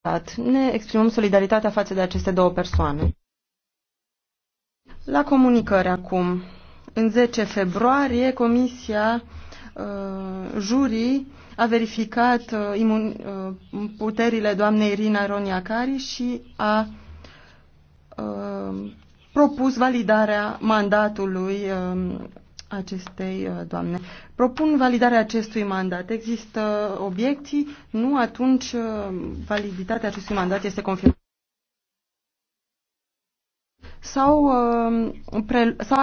stat. Ne exprimăm solidaritatea față de aceste două persoane. La comunicări acum. În 10 februarie, Comisia uh, Jurii a verificat uh, imun, uh, puterile doamnei Irina Roniacari și a uh, propus validarea mandatului uh, acestei uh, doamne. Propun validarea acestui mandat. Există obiecții? Nu, atunci uh, validitatea acestui mandat este confirmată. Sau, uh, pre, sau